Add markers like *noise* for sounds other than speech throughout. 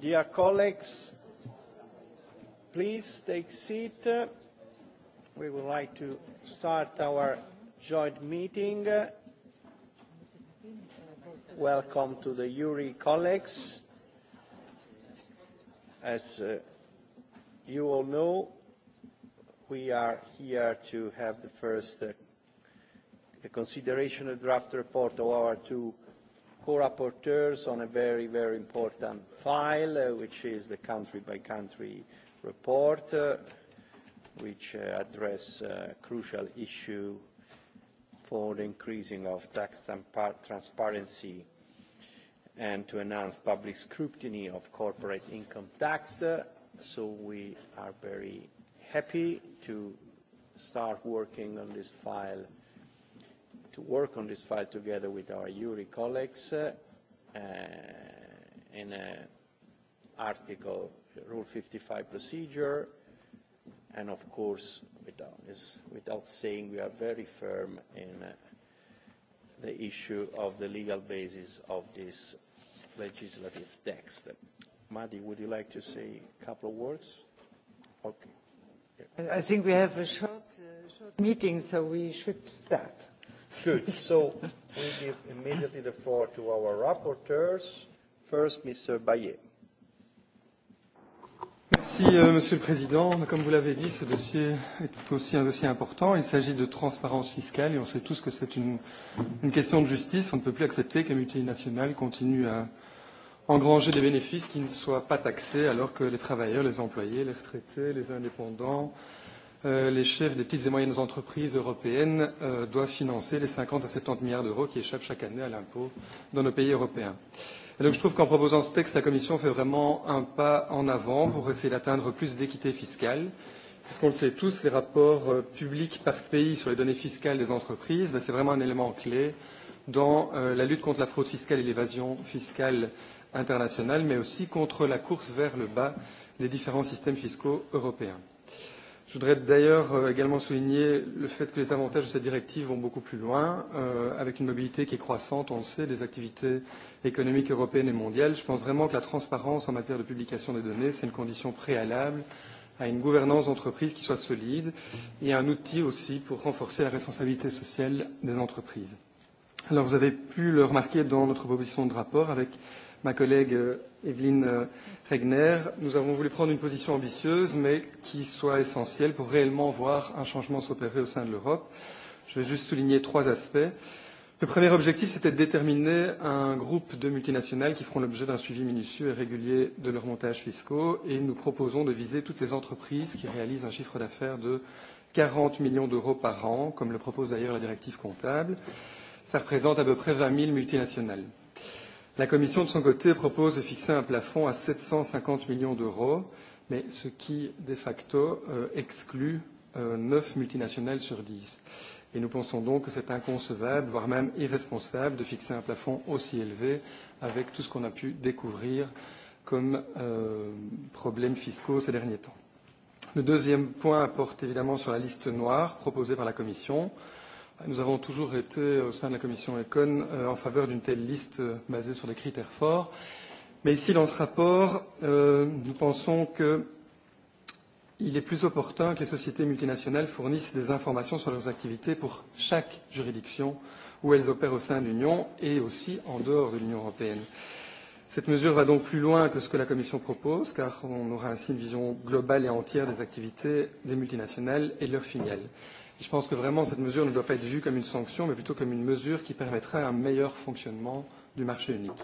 Dear colleagues, please take seat. We would like to start our joint meeting. Welcome to the URI colleagues. As uh, you all know, we are here to have the first uh, the consideration of draft report of our two co-rapporteurs on a very, very important file, uh, which is the country-by-country -country report, uh, which uh, address uh, crucial issue for the increasing of tax transparency and to enhance public scrutiny of corporate income tax. Uh, so we are very happy to start working on this file to work on this file together with our URI colleagues uh, uh, in an article, Rule 55 procedure, and of course, without, is, without saying, we are very firm in uh, the issue of the legal basis of this legislative text. Madi, would you like to say a couple of words? Okay. I think we have a short, uh, short meeting, so we should start. Good. So we give immediately the floor to our rapporteurs. First, Mr. Bayet. Merci, euh, Monsieur le Président. Comme vous l'avez dit, ce dossier est aussi un dossier important. Il s'agit de transparence fiscale et on sait tous que c'est une, une question de justice. On ne peut plus accepter que les multinationales continuent à engranger des bénéfices qui ne soient pas taxés alors que les travailleurs, les employés, les retraités, les indépendants, euh, Euh, les chefs des petites et moyennes entreprises européennes euh, doivent financer les 50 à 70 milliards d'euros qui échappent chaque année à l'impôt dans nos pays européens. Et donc je trouve qu'en proposant ce texte, la Commission fait vraiment un pas en avant pour essayer d'atteindre plus d'équité fiscale. Puisqu'on le sait tous, les rapports euh, publics par pays sur les données fiscales des entreprises, ben, c'est vraiment un élément clé dans euh, la lutte contre la fraude fiscale et l'évasion fiscale internationale, mais aussi contre la course vers le bas des différents systèmes fiscaux européens. Je voudrais d'ailleurs euh, également souligner le fait que les avantages de cette directive vont beaucoup plus loin, euh, avec une mobilité qui est croissante, on le sait, des activités économiques européennes et mondiales. Je pense vraiment que la transparence en matière de publication des données, c'est une condition préalable à une gouvernance d'entreprise qui soit solide et un outil aussi pour renforcer la responsabilité sociale des entreprises. Alors vous avez pu le remarquer dans notre proposition de rapport avec euh, ma collègue euh, Evelyne euh, Regner, nous avons voulu prendre une position ambitieuse, mais qui soit essentielle pour réellement voir un changement s'opérer au sein de l'Europe. Je vais juste souligner trois aspects. Le premier objectif, c'était de déterminer un groupe de multinationales qui feront l'objet d'un suivi minutieux et régulier de leurs montages fiscaux et nous proposons de viser toutes les entreprises qui réalisent un chiffre d'affaires de 40 millions d'euros par an, comme le propose d'ailleurs la directive comptable. Ça représente à peu près 20 000 multinationales. La Commission, de son côté, propose de fixer un plafond à 750 millions d'euros, mais ce qui, de facto, euh, exclut euh, 9 multinationales sur 10. Et nous pensons donc que c'est inconcevable, voire même irresponsable, de fixer un plafond aussi élevé avec tout ce qu'on a pu découvrir comme euh, problèmes fiscaux ces derniers temps. Le deuxième point porte évidemment sur la liste noire proposée par la Commission. Euh, Nous avons toujours été, euh, au sein de la commission ECON, euh, en faveur d'une telle liste euh, basée sur des critères forts. Mais ici, dans ce rapport, euh, nous pensons qu'il est plus opportun que les sociétés multinationales fournissent des informations sur leurs activités pour chaque juridiction où elles opèrent au sein de l'Union et aussi en dehors de l'Union européenne. Cette mesure va donc plus loin que ce que la Commission propose, car on aura ainsi une vision globale et entière des activités des multinationales et de leurs filiales. Je pense que vraiment cette mesure ne doit pas être vue comme une sanction, mais plutôt comme une mesure qui permettra un meilleur fonctionnement du marché unique.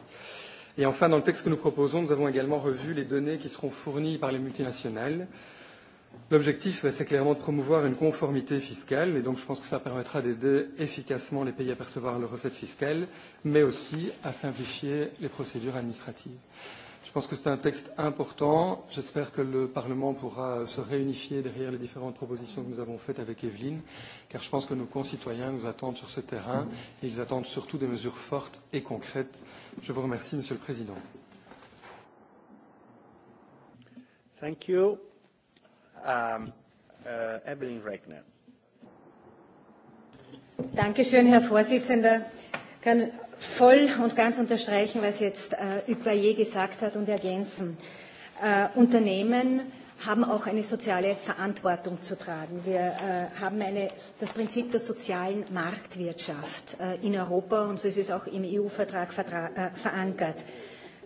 Et enfin, dans le texte que nous proposons, nous avons également revu les données qui seront fournies par les multinationales. L'objectif, c'est clairement de promouvoir une conformité fiscale, et donc je pense que ça permettra d'aider efficacement les pays à percevoir leurs recettes fiscales, mais aussi à simplifier les procédures administratives pense que c'est un texte important. J'espère que le Parlement pourra se réunifier derrière les différentes propositions que nous avons faites avec Evelyne, car je pense que nos concitoyens nous attendent sur ce terrain et ils attendent surtout des mesures fortes et concrètes. Je vous remercie, Monsieur le Président. Thank you. Um, uh, Evelyn Regner. Dankeschön, Herr Vorsitzender kann voll und ganz unterstreichen, was jetzt äh, Ypayer gesagt hat und ergänzen. Äh, Unternehmen haben auch eine soziale Verantwortung zu tragen. Wir äh, haben eine, das Prinzip der sozialen Marktwirtschaft äh, in Europa und so ist es auch im EU-Vertrag äh, verankert.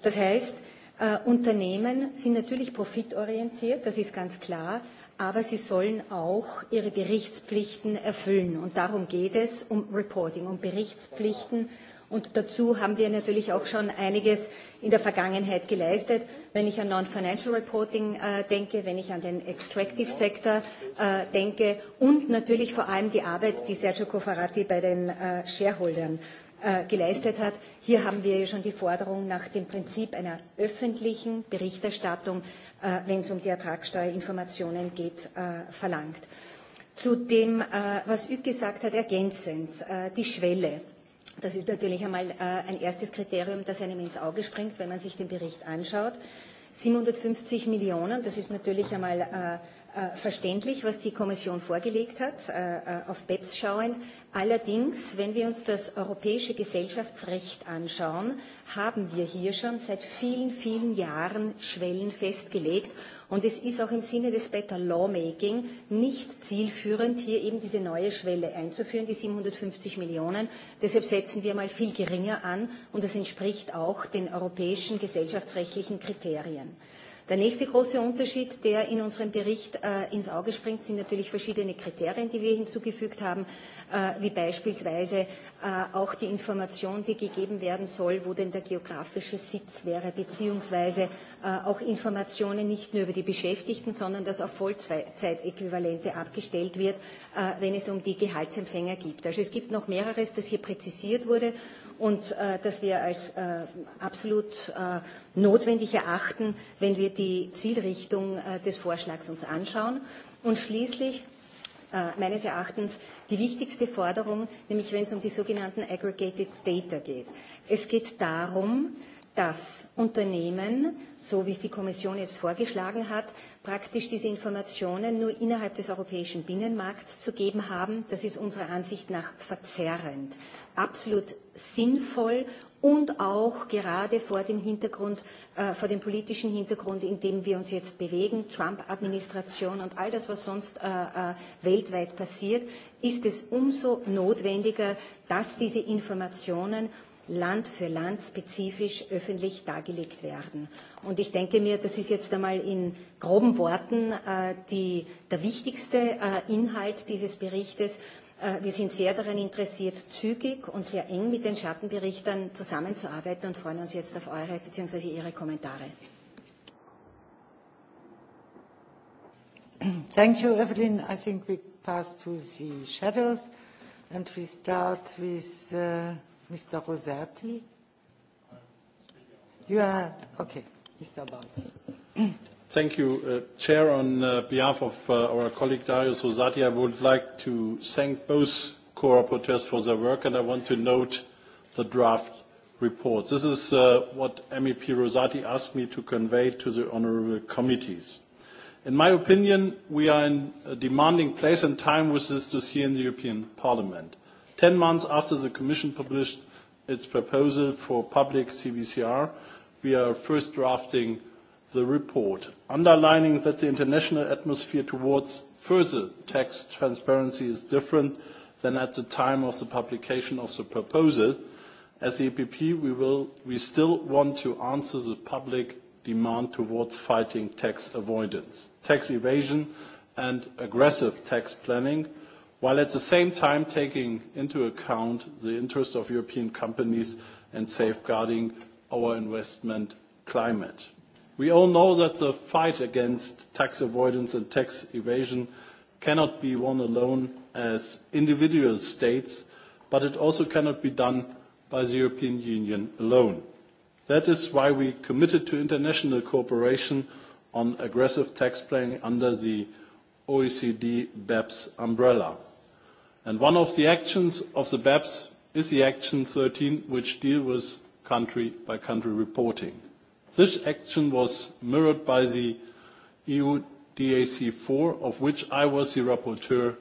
Das heißt, äh, Unternehmen sind natürlich profitorientiert, das ist ganz klar, aber sie sollen auch ihre Berichtspflichten erfüllen. Und darum geht es um Reporting, um Berichtspflichten. Und dazu haben wir natürlich auch schon einiges in der Vergangenheit geleistet. Wenn ich an Non-Financial Reporting äh, denke, wenn ich an den Extractive Sector äh, denke und natürlich vor allem die Arbeit, die Sergio Cofferati bei den äh, Shareholdern Äh, geleistet hat. Hier haben wir schon die Forderung nach dem Prinzip einer öffentlichen Berichterstattung, äh, wenn es um die Ertragssteuerinformationen geht, äh, verlangt. Zu dem, äh, was Ück gesagt hat, ergänzend, äh, die Schwelle. Das ist natürlich einmal äh, ein erstes Kriterium, das einem ins Auge springt, wenn man sich den Bericht anschaut. 750 Millionen, das ist natürlich einmal äh, Äh, verständlich, was die Kommission vorgelegt hat, äh, äh, auf BEPS schauend. Allerdings, wenn wir uns das europäische Gesellschaftsrecht anschauen, haben wir hier schon seit vielen, vielen Jahren Schwellen festgelegt. Und es ist auch im Sinne des Better Lawmaking nicht zielführend, hier eben diese neue Schwelle einzuführen, die 750 Millionen. Deshalb setzen wir mal viel geringer an und das entspricht auch den europäischen gesellschaftsrechtlichen Kriterien. Der nächste große Unterschied, der in unserem Bericht äh, ins Auge springt, sind natürlich verschiedene Kriterien, die wir hinzugefügt haben, äh, wie beispielsweise äh, auch die Information, die gegeben werden soll, wo denn der geografische Sitz wäre, beziehungsweise äh, auch Informationen nicht nur über die Beschäftigten, sondern dass auf Vollzeitäquivalente abgestellt wird, äh, wenn es um die Gehaltsempfänger geht. Also es gibt noch mehreres, das hier präzisiert wurde und äh, dass wir als äh, absolut äh, notwendig erachten, wenn wir die Zielrichtung äh, des Vorschlags uns anschauen. Und schließlich äh, meines Erachtens die wichtigste Forderung, nämlich wenn es um die sogenannten Aggregated Data geht. Es geht darum, dass Unternehmen, so wie es die Kommission jetzt vorgeschlagen hat, praktisch diese Informationen nur innerhalb des europäischen Binnenmarkts zu geben haben. Das ist unserer Ansicht nach verzerrend, absolut sinnvoll und auch gerade vor dem Hintergrund, äh, vor dem politischen Hintergrund, in dem wir uns jetzt bewegen, Trump-Administration und all das, was sonst äh, äh, weltweit passiert, ist es umso notwendiger, dass diese Informationen Land für Land spezifisch öffentlich dargelegt werden. Und ich denke mir, das ist jetzt einmal in groben Worten äh, die, der wichtigste äh, Inhalt dieses Berichtes, äh, Äh, wir sind sehr daran interessiert, zügig und sehr eng mit den Schattenberichtern zusammenzuarbeiten und freuen uns jetzt auf eure bzw. Ihre Kommentare. Thank you, Evelyn. I think we pass to the shadows and we start with uh, Mr. Rosati. You are, okay, Mr. Balz. Thank you, uh, Chair. On uh, behalf of uh, our colleague Darius Rosati, I would like to thank both co-rapporteurs for their work, and I want to note the draft report. This is uh, what MEP Rosati asked me to convey to the honourable committees. In my opinion, we are in a demanding place and time with this dossier in the European Parliament. Ten months after the Commission published its proposal for public CBCR, we are first drafting the report, underlining that the international atmosphere towards further tax transparency is different than at the time of the publication of the proposal. As the EPP, we, will, we still want to answer the public demand towards fighting tax avoidance, tax evasion and aggressive tax planning, while at the same time taking into account the interests of European companies and safeguarding our investment climate. We all know that the fight against tax avoidance and tax evasion cannot be won alone as individual states, but it also cannot be done by the European Union alone. That is why we committed to international cooperation on aggressive tax planning under the OECD BEPS umbrella. And one of the actions of the BEPS is the Action 13, which deals with country-by-country -country reporting. This action was mirrored by the EU DAC4, of which I was the rapporteur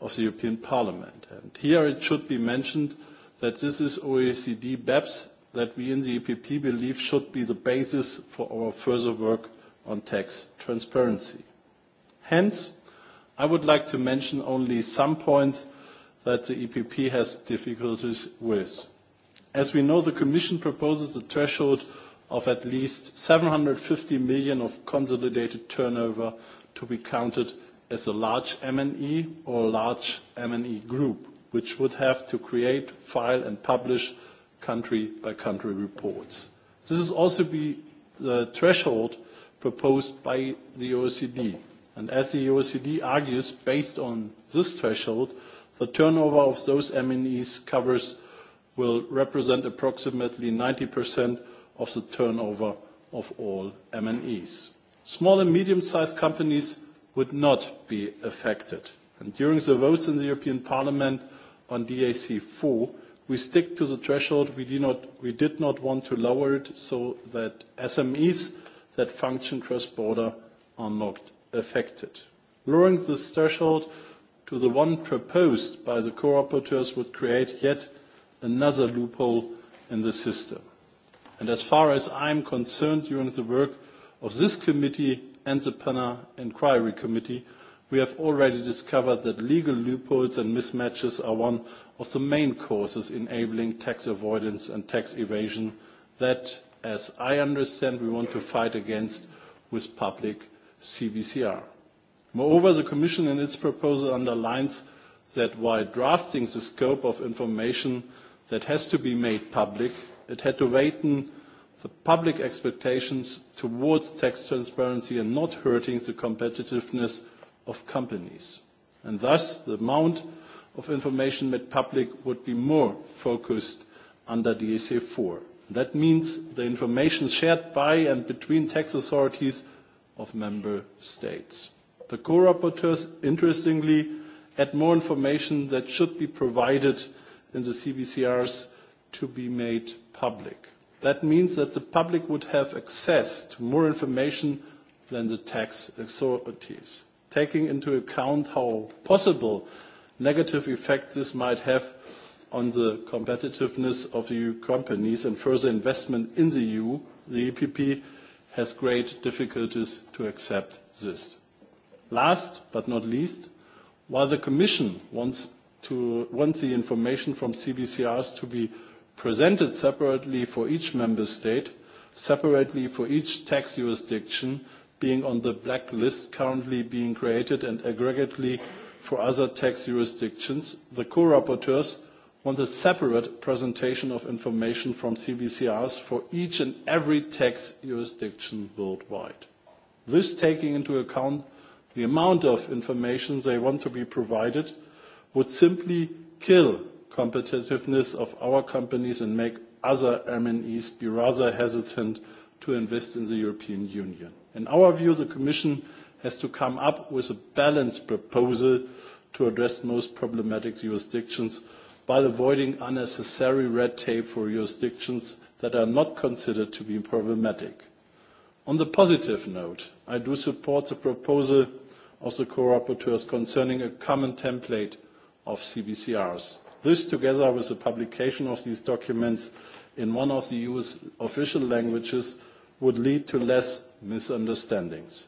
of the European Parliament. And here it should be mentioned that this is OECD BEPS that we in the EPP believe should be the basis for our further work on tax transparency. Hence, I would like to mention only some points that the EPP has difficulties with. As we know, the Commission proposes a threshold of at least 750 million of consolidated turnover to be counted as a large ME or a large M&E group, which would have to create, file, and publish country-by-country reports. This is also be the threshold proposed by the OECD. And as the OECD argues, based on this threshold, the turnover of those MNEs covers will represent approximately 90% of the turnover of all MNEs. Small and medium-sized companies would not be affected. And during the votes in the European Parliament on DAC 4, we stick to the threshold. We, do not, we did not want to lower it so that SMEs that function cross-border are not affected. Lowering this threshold to the one proposed by the co-rapporteurs would create yet another loophole in the system. And as far as I'm concerned, during the work of this committee and the PANA Inquiry Committee, we have already discovered that legal loopholes and mismatches are one of the main causes enabling tax avoidance and tax evasion that, as I understand, we want to fight against with public CBCR. Moreover, the Commission in its proposal underlines that while drafting the scope of information that has to be made public, It had to weighten the public expectations towards tax transparency and not hurting the competitiveness of companies. And thus, the amount of information made public would be more focused under DSA 4. That means the information shared by and between tax authorities of member states. The co-rapporteurs, interestingly, add more information that should be provided in the CBCRs to be made public. That means that the public would have access to more information than the tax authorities, taking into account how possible negative effects this might have on the competitiveness of EU e companies and further investment in the EU, the EPP has great difficulties to accept this. Last but not least, while the Commission wants, to, wants the information from CBCRs to be presented separately for each member state, separately for each tax jurisdiction being on the black list currently being created and aggregately for other tax jurisdictions. The co-rapporteurs want a separate presentation of information from CBCRs for each and every tax jurisdiction worldwide. This taking into account the amount of information they want to be provided would simply kill competitiveness of our companies and make other MNEs be rather hesitant to invest in the European Union. In our view, the Commission has to come up with a balanced proposal to address most problematic jurisdictions while avoiding unnecessary red tape for jurisdictions that are not considered to be problematic. On the positive note, I do support the proposal of the co-rapporteurs concerning a common template of CBCRs. This, together with the publication of these documents in one of the EU's official languages, would lead to less misunderstandings.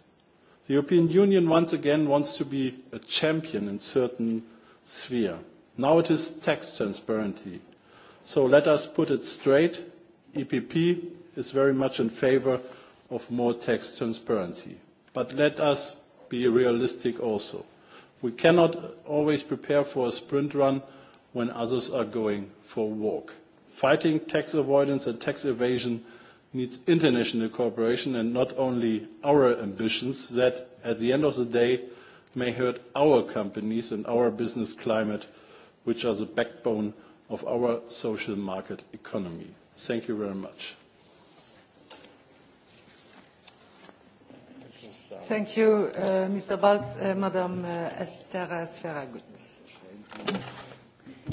The European Union once again wants to be a champion in certain sphere. Now it is tax transparency. So let us put it straight. EPP is very much in favor of more tax transparency. But let us be realistic also. We cannot always prepare for a sprint run when others are going for a walk. Fighting tax avoidance and tax evasion needs international cooperation and not only our ambitions that at the end of the day may hurt our companies and our business climate which are the backbone of our social market economy. Thank you very much. Thank you, uh, Mr. Balz. Uh, Madam uh, Esther Sferagut.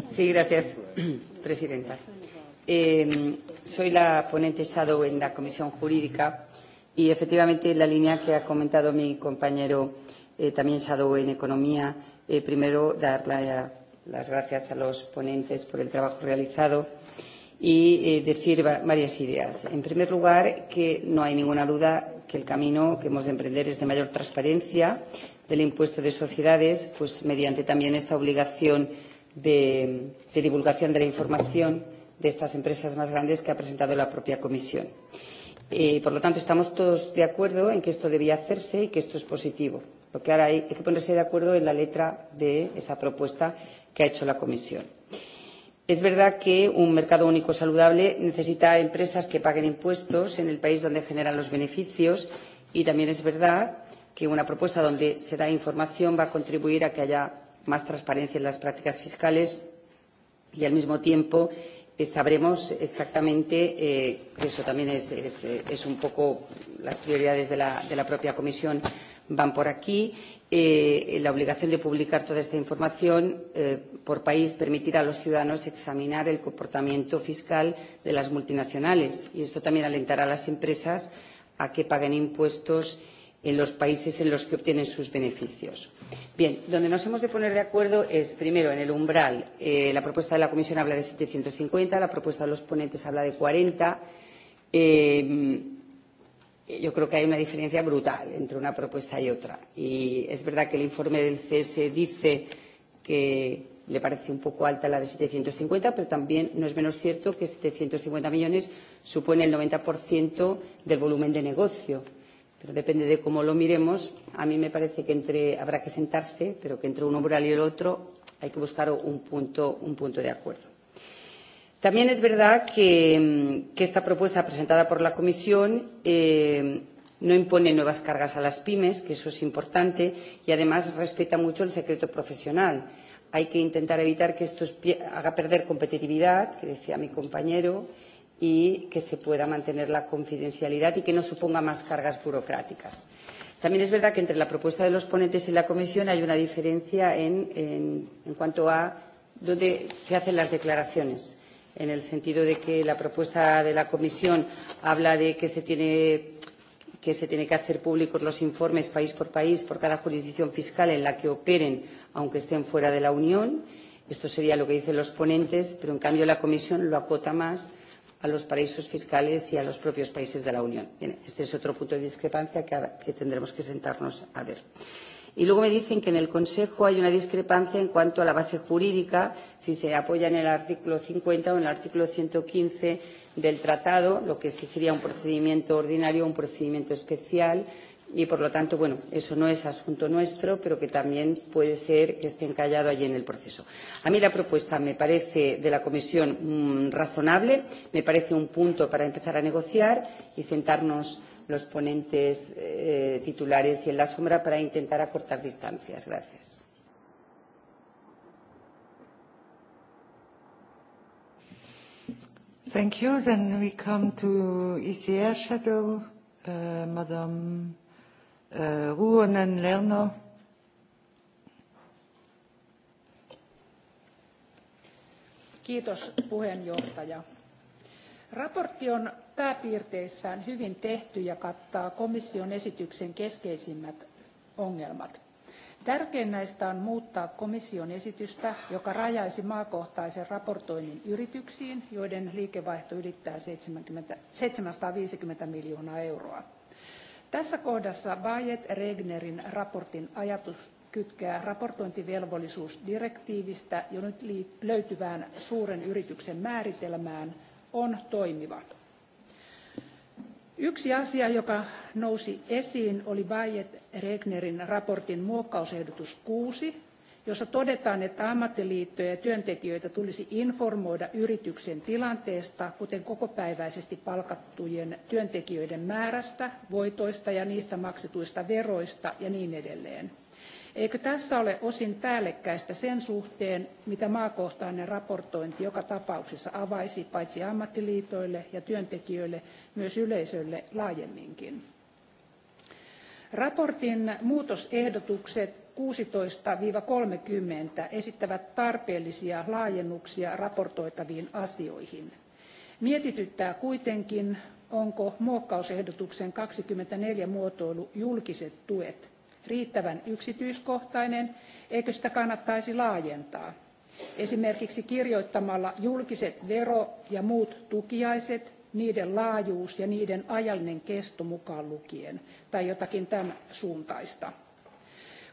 Sí, gracias, *clears throat* Presidenta. Eh, soy la ponente Shadow en la Comisión Jurídica y efectivamente la línea que ha comentado mi compañero eh, también Shadow en Economía, eh, primero dar la, las gracias a los ponentes por el trabajo realizado y eh, decir varias ideas. En primer lugar, que no hay ninguna duda que el camino que hemos de emprender es de mayor transparencia del impuesto de sociedades, pues mediante también esta obligación de, de divulgación de la información de estas empresas más grandes que ha presentado la propia Comisión. Eh, por lo tanto, estamos todos de acuerdo en que esto debía hacerse y que esto es positivo. Lo que ahora hay, hay que ponerse de acuerdo en la letra de esa propuesta que ha hecho la Comisión. Es verdad que un mercado único saludable necesita empresas que paguen impuestos en el país donde generan los beneficios y también es verdad que una propuesta donde se da información va a contribuir a que haya más transparencia en las prácticas fiscales y al mismo tiempo eh, sabremos exactamente, eh, que eso también es, es, es un poco las prioridades de la, de la propia comisión van por aquí. Eh, la obligación de publicar toda esta información eh, por país permitirá a los ciudadanos examinar el comportamiento fiscal de las multinacionales y esto también alentará a las empresas a que paguen impuestos eh, en los países en los que obtienen sus beneficios. Bien, donde nos hemos de poner de acuerdo es, primero, en el umbral. Eh, la propuesta de la Comisión habla de 750, la propuesta de los ponentes habla de 40. Eh, yo creo que hay una diferencia brutal entre una propuesta y otra. Y es verdad que el informe del CS dice que le parece un poco alta la de 750, pero también no es menos cierto que 750 millones supone el 90% del volumen de negocio pero depende de cómo lo miremos. A mí me parece que entre, habrá que sentarse, pero que entre un umbral y el otro hay que buscar un punto, un punto de acuerdo. También es verdad que, que esta propuesta presentada por la Comisión eh, no impone nuevas cargas a las pymes, que eso es importante, y además respeta mucho el secreto profesional. Hay que intentar evitar que esto haga perder competitividad, que decía mi compañero, y que se pueda mantener la confidencialidad y que no suponga más cargas burocráticas. También es verdad que entre la propuesta de los ponentes y la comisión hay una diferencia en, en, en cuanto a dónde se hacen las declaraciones, en el sentido de que la propuesta de la comisión habla de que se tiene que se tiene que hacer públicos los informes país por país por cada jurisdicción fiscal en la que operen, aunque estén fuera de la Unión. Esto sería lo que dicen los ponentes, pero en cambio la Comisión lo acota más a los paraísos fiscales y a los propios países de la Unión. Bien, este es otro punto de discrepancia que, ahora, que tendremos que sentarnos a ver. Y luego me dicen que en el Consejo hay una discrepancia en cuanto a la base jurídica, si se apoya en el artículo 50 o en el artículo 115 del tratado, lo que exigiría un procedimiento ordinario o un procedimiento especial y por lo tanto, bueno, eso no es asunto nuestro, pero que también puede ser que esté encallado allí en el proceso. A mí la propuesta me parece de la comisión mmm, razonable, me parece un punto para empezar a negociar y sentarnos los ponentes eh, titulares y en la sombra para intentar acortar distancias. Gracias. Thank you. Then we come to ECR Shadow, uh, Madame. Uh, Ruonen Lerner. Kiitos puheenjohtaja. Raportti on pääpiirteissään hyvin tehty ja kattaa komission esityksen keskeisimmät ongelmat. Tärkein näistä on muuttaa komission esitystä, joka rajaisi maakohtaisen raportoinnin yrityksiin, joiden liikevaihto ylittää 70, 750 miljoonaa euroa. Tässä kohdassa Bayet Regnerin raportin ajatus kytkeä raportointivelvollisuusdirektiivistä jo nyt löytyvään suuren yrityksen määritelmään on toimiva. Yksi asia, joka nousi esiin, oli Bayet Regnerin raportin muokkausehdotus 6, jossa todetaan, että ammattiliittoja ja työntekijöitä tulisi informoida yrityksen tilanteesta, kuten kokopäiväisesti palkattujen työntekijöiden määrästä, voitoista ja niistä maksetuista veroista ja niin edelleen. Eikö tässä ole osin päällekkäistä sen suhteen, mitä maakohtainen raportointi joka tapauksessa avaisi paitsi ammattiliitoille ja työntekijöille, myös yleisölle laajemminkin? Raportin muutosehdotukset 16 30 esittävät tarpeellisia laajennuksia raportoitaviin asioihin. Mietityttää kuitenkin, onko muokkausehdotuksen 24 muotoilu julkiset tuet riittävän yksityiskohtainen, eikö sitä kannattaisi laajentaa. Esimerkiksi kirjoittamalla julkiset vero- ja muut tukiaiset, niiden laajuus ja niiden ajallinen kesto mukaan lukien, tai jotakin tämän suuntaista.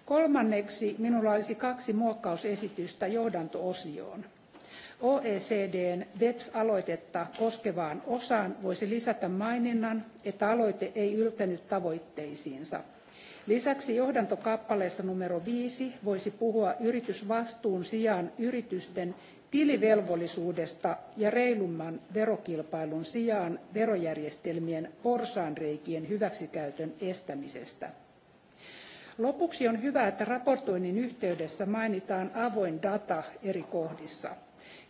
Kolmanneksi minulla olisi kaksi muokkausesitystä johdantoosioon. OECDn BEPS-aloitetta koskevaan osaan voisi lisätä maininnan, että aloite ei yltänyt tavoitteisiinsa. Lisäksi johdantokappaleessa numero viisi voisi puhua yritysvastuun sijaan yritysten tilivelvollisuudesta ja reilumman verokilpailun sijaan verojärjestelmien porsaanreikien hyväksikäytön estämisestä. Lopuksi on hyvä, että raportoinnin yhteydessä mainitaan avoin data eri kohdissa.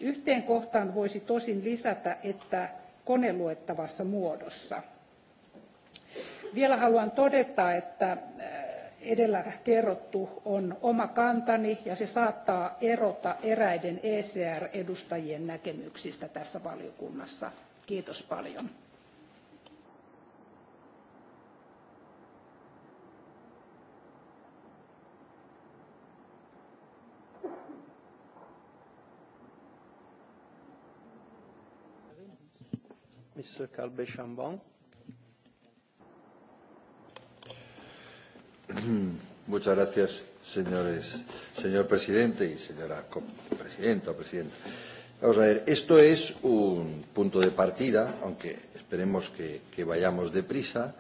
Yhteen kohtaan voisi tosin lisätä, että koneluettavassa muodossa. Vielä haluan todeta, että eh, edellä kerrottu on oma kantani ja se saattaa erota eräiden ECR-edustajien näkemyksistä tässä valiokunnassa. Kiitos paljon. Mr. Calbe Chambon. Muchas gracias, señores, señor presidente y señora presidenta o presidenta. Vamos a ver, esto es un punto de partida, aunque esperemos que, que vayamos deprisa,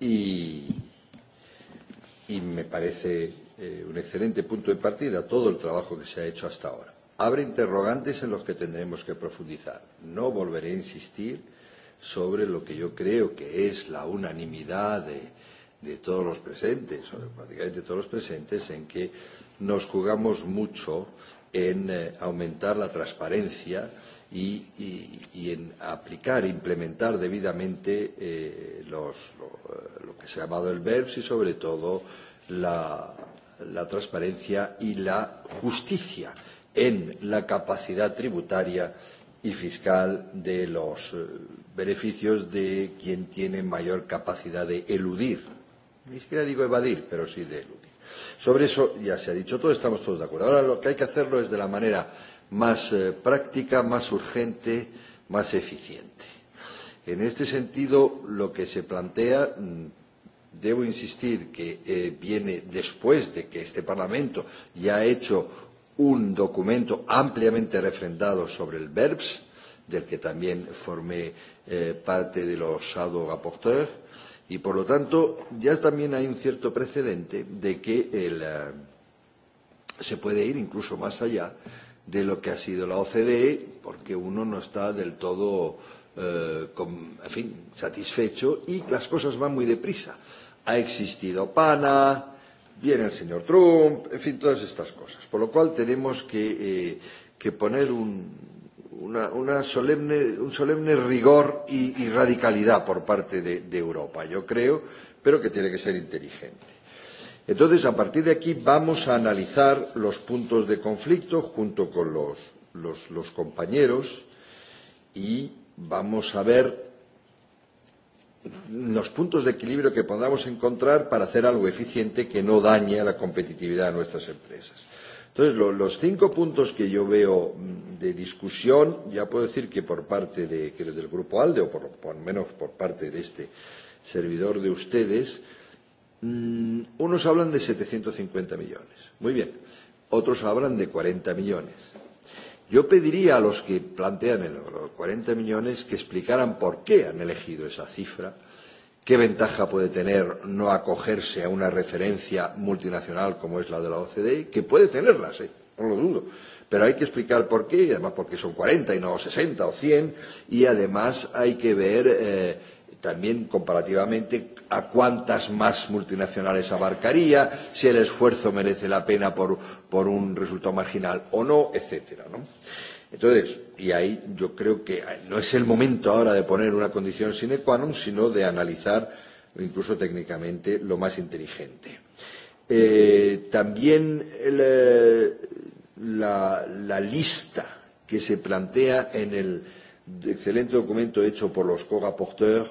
y, y me parece eh, un excelente punto de partida todo el trabajo que se ha hecho hasta ahora. Abre interrogantes en los que tendremos que profundizar. No volveré a insistir sobre lo que yo creo que es la unanimidad de, de todos los presentes, o de prácticamente todos los presentes, en que nos jugamos mucho en eh, aumentar la transparencia y, y, y en aplicar, implementar debidamente eh, los, lo, eh, lo que se ha llamado el BERPS y sobre todo la, la transparencia y la justicia en la capacidad tributaria y fiscal de los eh, beneficios de quien tiene mayor capacidad de eludir. Ni siquiera digo evadir, pero sí de eludir. Sobre eso ya se ha dicho todo, estamos todos de acuerdo. Ahora lo que hay que hacerlo es de la manera más eh, práctica, más urgente, más eficiente. En este sentido, lo que se plantea, mm, debo insistir que eh, viene después de que este Parlamento ya ha hecho un documento ampliamente refrendado sobre el BERPS, del que también formé eh, parte de los shadow rapporteurs, y por lo tanto ya también hay un cierto precedente de que el, eh, se puede ir incluso más allá de lo que ha sido la OCDE, porque uno no está del todo eh, con, en fin, satisfecho y las cosas van muy deprisa. Ha existido PANA, viene el señor Trump, en fin, todas estas cosas. Por lo cual tenemos que, eh, que poner un, una, una solemne, un solemne rigor y, y radicalidad por parte de, de Europa, yo creo, pero que tiene que ser inteligente. Entonces, a partir de aquí vamos a analizar los puntos de conflicto junto con los, los, los compañeros y vamos a ver los puntos de equilibrio que podamos encontrar para hacer algo eficiente que no dañe a la competitividad de nuestras empresas. Entonces, lo, los cinco puntos que yo veo mm, de discusión, ya puedo decir que por parte de, que del Grupo ALDE, o por, por menos por parte de este servidor de ustedes, mmm, unos hablan de 750 millones. Muy bien. Otros hablan de 40 millones. Yo pediría a los que plantean el, los 40 millones que explicaran por qué han elegido esa cifra, qué ventaja puede tener no acogerse a una referencia multinacional como es la de la OCDE, que puede tenerlas, ¿eh? no lo dudo, pero hay que explicar por qué, y además porque son 40 y no 60 o 100, y además hay que ver. Eh, también comparativamente a cuántas más multinacionales abarcaría, si el esfuerzo merece la pena por, por un resultado marginal o no, etcétera, ¿no? Entonces, y ahí yo creo que no es el momento ahora de poner una condición sine qua non, sino de analizar incluso técnicamente lo más inteligente. Eh, también el, eh, la, la lista que se plantea en el excelente documento hecho por los co-rapporteurs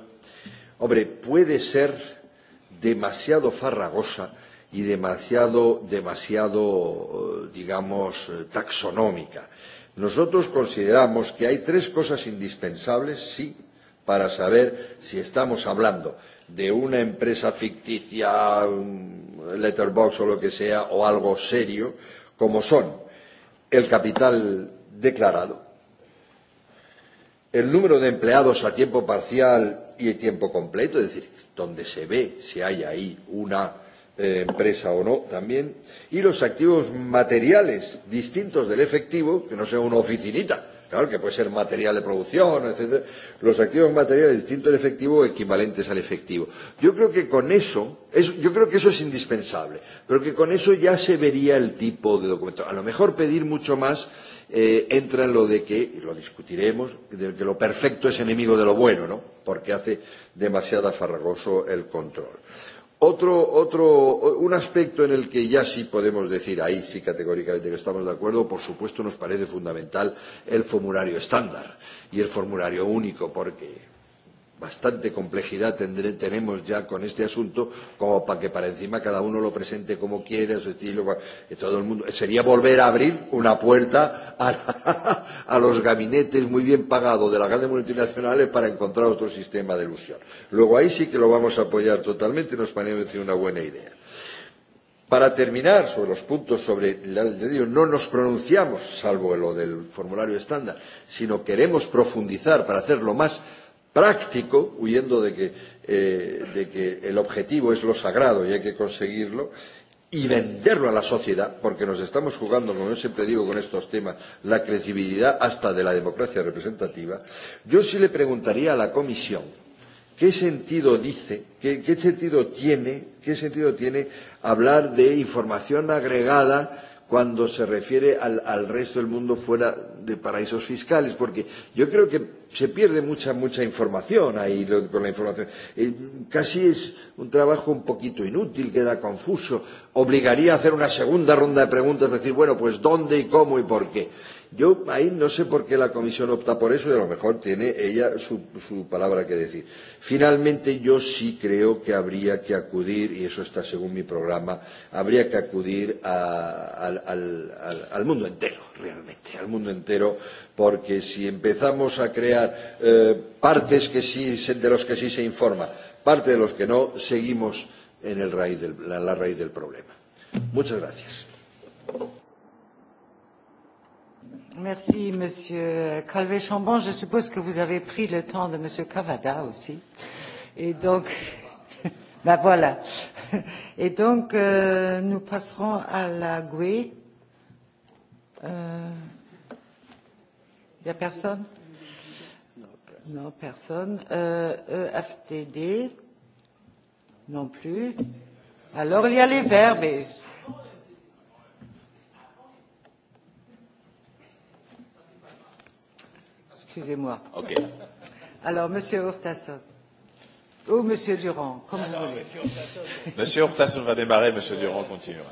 Hombre, puede ser demasiado farragosa y demasiado, demasiado, eh, digamos, eh, taxonómica. Nosotros consideramos que hay tres cosas indispensables, sí, para saber si estamos hablando de una empresa ficticia, letterbox o lo que sea, o algo serio, como son el capital declarado, el número de empleados a tiempo parcial y a tiempo completo, es decir, donde se ve si hay ahí una eh, empresa o no también, y los activos materiales distintos del efectivo, que no sea una oficinita, Claro que puede ser material de producción, etc. Los activos materiales distintos al efectivo o equivalentes al efectivo. Yo creo que con eso, es, yo creo que eso es indispensable, pero que con eso ya se vería el tipo de documento. A lo mejor pedir mucho más eh, entra en lo de que, y lo discutiremos, de que lo perfecto es enemigo de lo bueno, ¿no? Porque hace demasiado farragoso el control. Otro, otro, un aspecto en el que ya sí podemos decir, ahí sí categóricamente que estamos de acuerdo, por supuesto nos parece fundamental el formulario estándar y el formulario único, porque bastante complejidad tendré, tenemos ya con este asunto como para que para encima cada uno lo presente como quiere, su estilo, y todo el mundo. Sería volver a abrir una puerta a, la, *laughs* a los gabinetes muy bien pagados de las grandes multinacionales para encontrar otro sistema de ilusión. Luego ahí sí que lo vamos a apoyar totalmente, y nos parece una buena idea. Para terminar sobre los puntos sobre la digo, no nos pronunciamos, salvo lo del formulario estándar, sino queremos profundizar para hacerlo más práctico, huyendo de que, eh, de que el objetivo es lo sagrado y hay que conseguirlo, y venderlo a la sociedad, porque nos estamos jugando, como yo siempre digo con estos temas, la credibilidad hasta de la democracia representativa, yo sí le preguntaría a la Comisión qué sentido dice, qué, qué sentido tiene, qué sentido tiene hablar de información agregada cuando se refiere al, al resto del mundo fuera de paraísos fiscales, porque yo creo que se pierde mucha, mucha información ahí lo, con la información. Eh, casi es un trabajo un poquito inútil, queda confuso. Obligaría a hacer una segunda ronda de preguntas, decir, bueno, pues dónde y cómo y por qué. Yo ahí no sé por qué la comisión opta por eso y a lo mejor tiene ella su, su palabra que decir. Finalmente, yo sí creo que habría que acudir, y eso está según mi programa, habría que acudir a, al, al, al, al mundo entero, realmente, al mundo entero, porque si empezamos a crear eh, partes que sí, de los que sí se informa, parte de los que no, seguimos en el raíz del, la, la raíz del problema. Muchas gracias. Merci, Monsieur Calvé-Chambon. Je suppose que vous avez pris le temps de Monsieur Cavada aussi. Et donc, *laughs* ben voilà. Et donc, euh, nous passerons à la GUE. Il euh, n'y a personne Non, personne. Euh, EFTD Non plus. Alors, il y a les verbes. Et... Excusez-moi. OK. Alors, Monsieur Hurtasson. Ou Monsieur Durand, comme vous voulez. Monsieur Hurtasson va démarrer, Monsieur Durand continuera.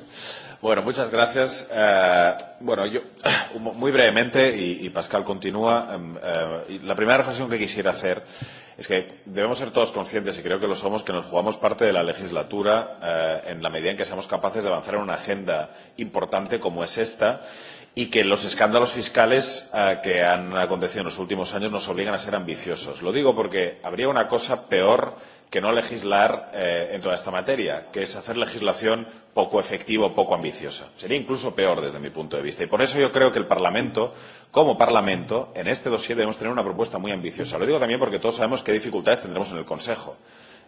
Bueno, muchas gracias. Eh, bueno, yo *coughs* muy brevemente, y, y Pascal continúa, Eh, eh, la primera reflexión que quisiera hacer es que debemos ser todos conscientes, y creo que lo somos, que nos jugamos parte de la legislatura eh, en la medida en que seamos capaces de avanzar en una agenda importante como es esta y que los escándalos fiscales uh, que han acontecido en los últimos años nos obligan a ser ambiciosos. Lo digo porque habría una cosa peor que no legislar eh, en toda esta materia, que es hacer legislación poco efectiva o poco ambiciosa. Sería incluso peor desde mi punto de vista. Y por eso yo creo que el Parlamento, como Parlamento, en este dossier debemos tener una propuesta muy ambiciosa. Lo digo también porque todos sabemos qué dificultades tendremos en el Consejo.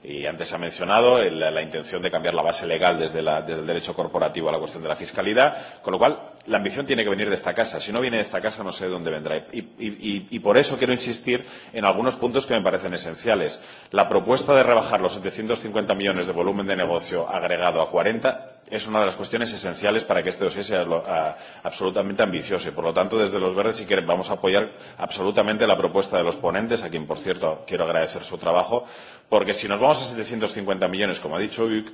Y antes se ha mencionado el, la intención de cambiar la base legal desde, la, desde el derecho corporativo a la cuestión de la fiscalidad, con lo cual la ambición tiene que venir de esta casa. Si no viene de esta casa, no sé de dónde vendrá. Y, y, y, y por eso quiero insistir en algunos puntos que me parecen esenciales. La propuesta de rebajar los 750 millones de volumen de negocio agregado a 40 es una de las cuestiones esenciales para que este dossier sea lo, a, absolutamente ambicioso. Y por lo tanto, desde los verdes, si quieren, vamos a apoyar absolutamente la propuesta de los ponentes, a quien, por cierto, quiero agradecer su trabajo, porque si nos vamos a 750 millones, como ha dicho Uc,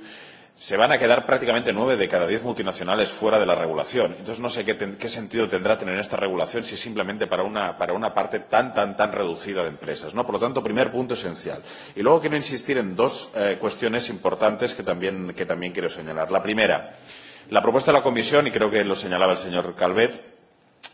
se van a quedar prácticamente nueve de cada diez multinacionales fuera de la regulación. Entonces no sé qué, ten, qué sentido tendrá tener esta regulación si es simplemente para una, para una parte tan, tan, tan reducida de empresas. ¿no? Por lo tanto, primer punto esencial. Y luego quiero insistir en dos eh, cuestiones importantes que también, que también quiero señalar. La primera, la propuesta de la Comisión, y creo que lo señalaba el señor Calvet,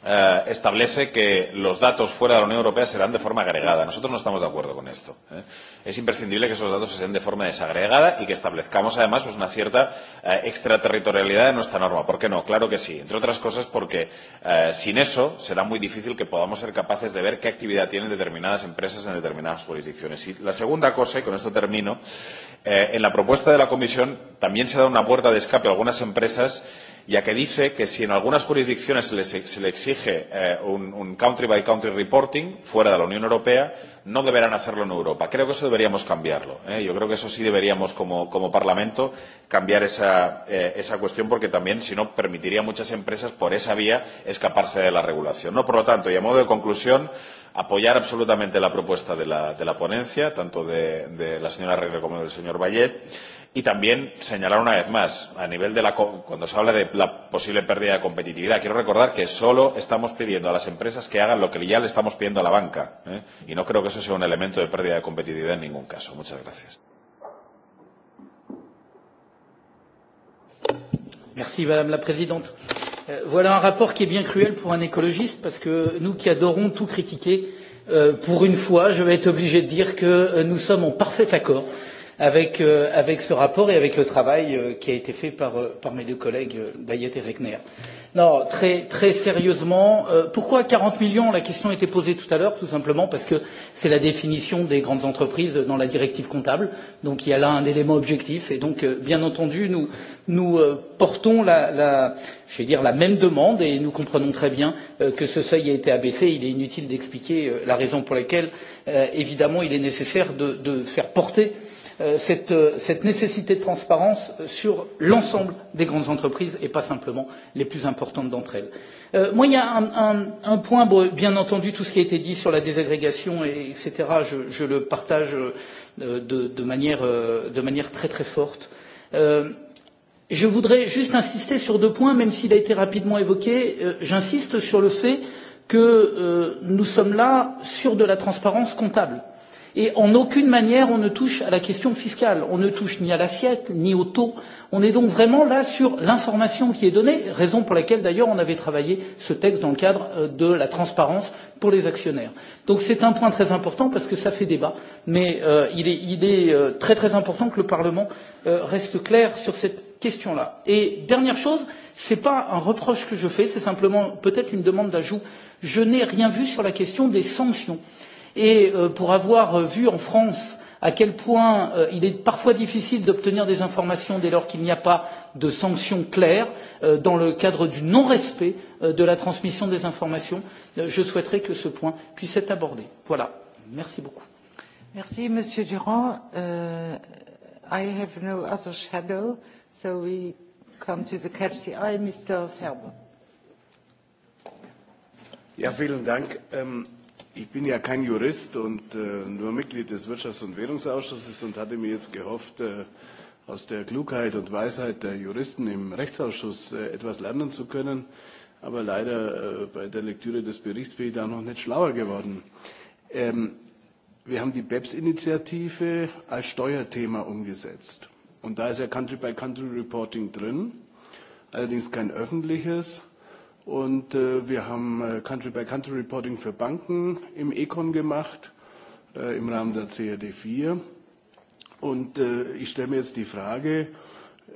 Eh, establece que los datos fuera de la Unión Europea serán de forma agregada. Nosotros no estamos de acuerdo con esto. ¿eh? Es imprescindible que esos datos se den de forma desagregada y que establezcamos además pues, una cierta eh, extraterritorialidad de nuestra norma. ¿Por qué no? Claro que sí. Entre otras cosas porque eh, sin eso será muy difícil que podamos ser capaces de ver qué actividad tienen determinadas empresas en determinadas jurisdicciones. Y la segunda cosa, y con esto termino, eh, en la propuesta de la Comisión también se da una puerta de escape a algunas empresas ya que dice que si en algunas jurisdicciones se, les, se le exige eh, un, un country by country reporting fuera de la Unión Europea, no deberán hacerlo en Europa. Creo que eso deberíamos cambiarlo. ¿eh? Yo creo que eso sí deberíamos, como, como Parlamento, cambiar esa, eh, esa cuestión porque también, si no, permitiría a muchas empresas por esa vía escaparse de la regulación. ¿no? Por lo tanto, y a modo de conclusión, apoyar absolutamente la propuesta de la, de la ponencia, tanto de, de la señora Regre como del señor Vallet Y también señalar una vez más, a nivel de la, cuando se habla de la posible pérdida de competitividad, quiero recordar que solo estamos pidiendo a las empresas que hagan lo que ya le estamos pidiendo a la banca. ¿eh? Y no creo que eso sea un elemento de pérdida de competitividad en ningún caso. Muchas gracias. Merci, Madame la Présidente. Euh, voilà un rapport qui est bien cruel pour un écologiste, parce que nous qui adorons tout critiquer, euh, pour une fois, je vais être obligé de dire que euh, nous sommes en parfait accord avec, euh, avec ce rapport et avec le travail euh, qui a été fait par, euh, par mes deux collègues euh, Bayet et Regner. Non, très, très sérieusement, euh, pourquoi 40 millions La question a été posée tout à l'heure, tout simplement parce que c'est la définition des grandes entreprises dans la directive comptable. Donc il y a là un élément objectif. Et donc, euh, bien entendu, nous, nous euh, portons la, la, je vais dire, la même demande et nous comprenons très bien euh, que ce seuil a été abaissé. Il est inutile d'expliquer euh, la raison pour laquelle, euh, évidemment, il est nécessaire de, de faire porter euh, Euh, cette, euh, cette nécessité de transparence sur l'ensemble des grandes entreprises et pas simplement les plus importantes d'entre elles. Euh, moi, il y a un, un, un point, bon, bien entendu, tout ce qui a été dit sur la désagrégation, et, etc., je, je le partage euh, de, de, manière, euh, de manière très très forte. Euh, je voudrais juste insister sur deux points, même s'il a été rapidement évoqué. Euh, J'insiste sur le fait que euh, nous sommes là sur de la transparence comptable. Et en aucune manière, on ne touche à la question fiscale. On ne touche ni à l'assiette, ni au taux. On est donc vraiment là sur l'information qui est donnée, raison pour laquelle d'ailleurs on avait travaillé ce texte dans le cadre euh, de la transparence pour les actionnaires. Donc c'est un point très important parce que ça fait débat, mais euh, il est, il est euh, très très important que le Parlement euh, reste clair sur cette question-là. Et dernière chose, ce n'est pas un reproche que je fais, c'est simplement peut-être une demande d'ajout. Je n'ai rien vu sur la question des sanctions. Euh, Et euh, pour avoir euh, vu en France à quel point euh, il est parfois difficile d'obtenir des informations dès lors qu'il n'y a pas de sanctions claires euh, dans le cadre du non-respect euh, de la transmission des informations, euh, je souhaiterais que ce point puisse être abordé. Voilà. Merci beaucoup. Merci, Monsieur Durand. Uh, I have no other shadow, so we come to the catch the eye, Mr. Ferber. Ja, vielen Dank. um Ich bin ja kein Jurist und äh, nur Mitglied des Wirtschafts- und Währungsausschusses und hatte mir jetzt gehofft, äh, aus der Klugheit und Weisheit der Juristen im Rechtsausschuss äh, etwas lernen zu können, aber leider äh, bei der Lektüre des Berichts bin ich da noch nicht schlauer geworden. Ähm, wir haben die BEPS-Initiative als Steuerthema umgesetzt. Und da ist ja Country-by-Country-Reporting drin, allerdings kein öffentliches. Und äh, wir haben äh, Country-by-Country-Reporting für Banken im Econ gemacht, äh, im Rahmen der CRD 4. Und äh, ich stelle mir jetzt die Frage,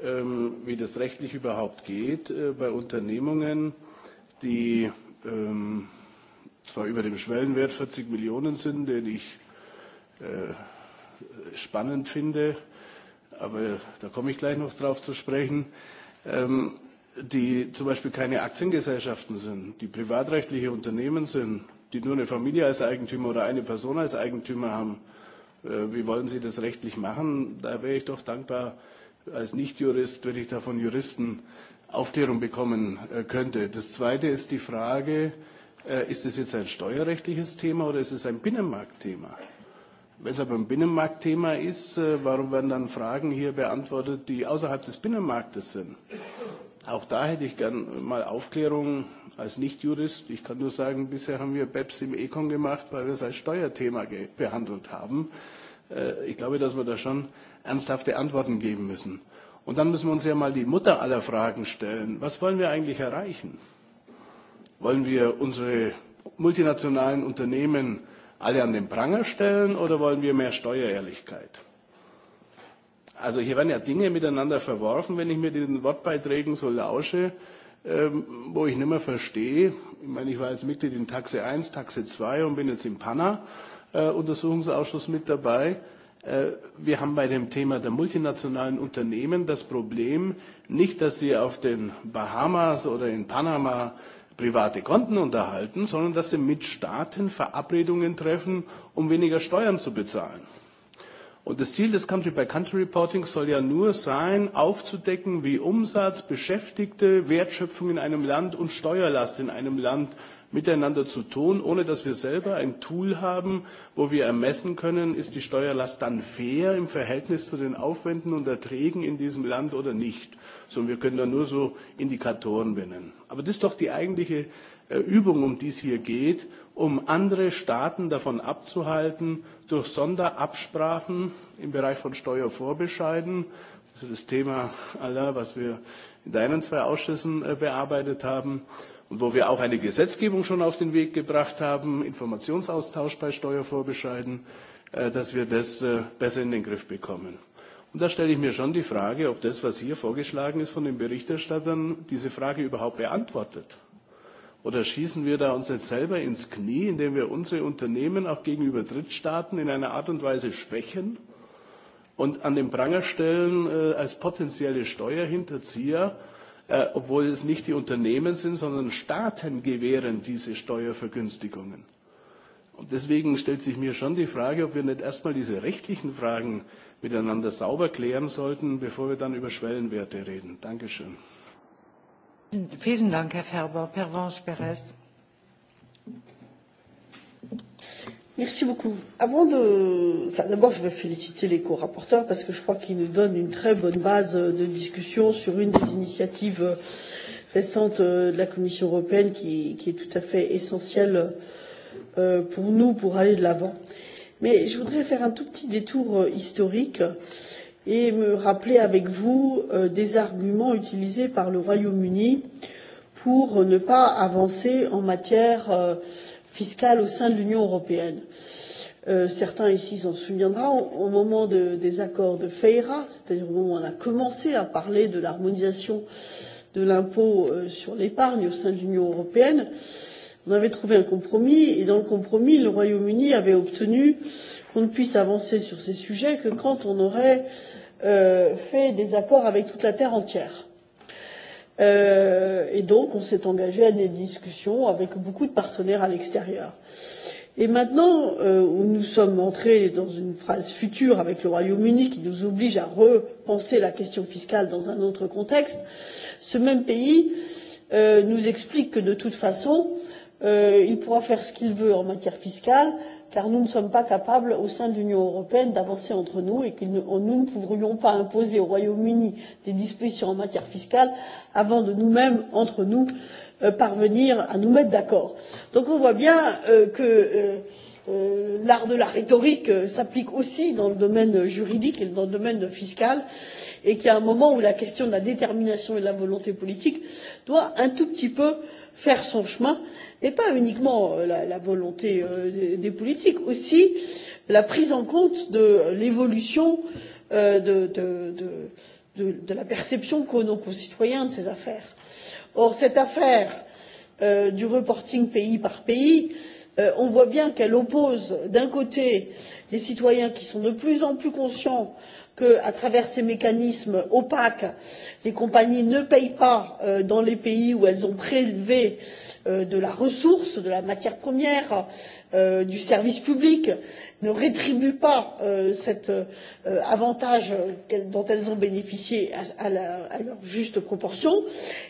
äh, wie das rechtlich überhaupt geht äh, bei Unternehmungen, die äh, zwar über dem Schwellenwert 40 Millionen sind, den ich äh, spannend finde, aber da komme ich gleich noch drauf zu sprechen. Äh, die zum Beispiel keine Aktiengesellschaften sind, die privatrechtliche Unternehmen sind, die nur eine Familie als Eigentümer oder eine Person als Eigentümer haben, äh, wie wollen Sie das rechtlich machen? Da wäre ich doch dankbar als Nichtjurist, wenn ich da von Juristen Aufklärung bekommen äh, könnte. Das Zweite ist die Frage, äh, ist es jetzt ein steuerrechtliches Thema oder ist es ein Binnenmarktthema? Wenn es aber ein Binnenmarktthema ist, warum werden dann Fragen hier beantwortet, die außerhalb des Binnenmarktes sind? Auch da hätte ich gern mal Aufklärung als Nichtjurist. Ich kann nur sagen, bisher haben wir BEPS im Econ gemacht, weil wir es als Steuerthema behandelt haben. Äh, ich glaube, dass wir da schon ernsthafte Antworten geben müssen. Und dann müssen wir uns ja mal die Mutter aller Fragen stellen. Was wollen wir eigentlich erreichen? Wollen wir unsere multinationalen Unternehmen alle an den Pranger stellen oder wollen wir mehr Steuerehrlichkeit? Also hier werden ja Dinge miteinander verworfen, wenn ich mir den Wortbeiträgen so lausche, ähm, wo ich nicht mehr verstehe. Ich meine, ich war jetzt Mitglied in Taxe 1, Taxe 2 und bin jetzt im PANA-Untersuchungsausschuss äh, mit dabei. Äh, wir haben bei dem Thema der multinationalen Unternehmen das Problem nicht, dass sie auf den Bahamas oder in Panama private Konten unterhalten, sondern dass sie mit Staaten Verabredungen treffen, um weniger Steuern zu bezahlen. Und das Ziel des Country-by-Country-Reporting soll ja nur sein, aufzudecken, wie Umsatz, Beschäftigte, Wertschöpfung in einem Land und Steuerlast in einem Land miteinander zu tun, ohne dass wir selber ein Tool haben, wo wir ermessen können, ist die Steuerlast dann fair im Verhältnis zu den Aufwänden und Erträgen in diesem Land oder nicht. Sondern wir können da nur so Indikatoren benennen. Aber das ist doch die eigentliche Übung, um die es hier geht, um andere Staaten davon abzuhalten, durch Sonderabsprachen im Bereich von Steuervorbescheiden, also das Thema aller, was wir in deinen zwei Ausschüssen äh, bearbeitet haben, und wo wir auch eine Gesetzgebung schon auf den Weg gebracht haben, Informationsaustausch bei Steuervorbescheiden, äh, dass wir das äh, besser in den Griff bekommen. Und da stelle ich mir schon die Frage, ob das, was hier vorgeschlagen ist von den Berichterstattern, diese Frage überhaupt beantwortet. Oder schießen wir da uns jetzt selber ins Knie, indem wir unsere Unternehmen auch gegenüber Drittstaaten in einer Art und Weise schwächen und an den Pranger stellen äh, als potenzielle Steuerhinterzieher, äh, obwohl es nicht die Unternehmen sind, sondern Staaten gewähren diese Steuervergünstigungen. Und deswegen stellt sich mir schon die Frage, ob wir nicht erstmal diese rechtlichen Fragen miteinander sauber klären sollten, bevor wir dann über Schwellenwerte reden. Dankeschön. Vielen Dank, Herr Ferber. Pervenche Perez. Merci beaucoup. Avant de, enfin, d'abord, je veux féliciter les co-rapporteurs parce que je crois qu'ils nous donnent une très bonne base de discussion sur une des initiatives récentes euh, de la Commission européenne qui, qui est tout à fait essentielle euh, pour nous pour aller de l'avant. Mais je voudrais faire un tout petit détour euh, historique et me rappeler avec vous euh, des arguments utilisés par le Royaume-Uni pour ne pas avancer en matière euh, fiscale au sein de l'Union européenne. Euh, certains ici s'en souviendront, au moment de, des accords de FEIRA, c'est-à-dire au moment où on a commencé à parler de l'harmonisation de l'impôt euh, sur l'épargne au sein de l'Union européenne, on avait trouvé un compromis et dans le compromis, le Royaume-Uni avait obtenu qu'on ne puisse avancer sur ces sujets que quand on aurait euh, Euh, fait des accords avec toute la Terre entière. Euh, et donc, on s'est engagé à des discussions avec beaucoup de partenaires à l'extérieur. Et maintenant, euh, nous sommes entrés dans une phase future avec le Royaume-Uni qui nous oblige à repenser la question fiscale dans un autre contexte. Ce même pays euh, nous explique que de toute façon, euh, il pourra faire ce qu'il veut en matière fiscale car nous ne sommes pas capables au sein de l'Union européenne d'avancer entre nous et que nous ne pourrions pas imposer au Royaume-Uni des dispositions en matière fiscale avant de nous-mêmes, entre nous, euh, parvenir à nous mettre d'accord. Donc on voit bien euh, que euh, euh, l'art de la rhétorique euh, s'applique aussi dans le domaine juridique et dans le domaine fiscal et qu'il y a un moment où la question de la détermination et de la volonté politique doit un tout petit peu faire son chemin et pas uniquement euh, la, la volonté euh, des, des politiques, aussi la prise en compte de l'évolution euh, de, de, de, de, de la perception qu'ont nos concitoyens de ces affaires. Or, cette affaire euh, du reporting pays par pays, euh, on voit bien qu'elle oppose d'un côté les citoyens qui sont de plus en plus conscients À travers ces mécanismes opaques, les compagnies ne payent pas euh, dans les pays où elles ont prélevé euh, de la ressource, de la matière première, euh, du service public, ne rétribuent pas euh, cet euh, avantage dont elles ont bénéficié à, à, la, à leur juste proportion.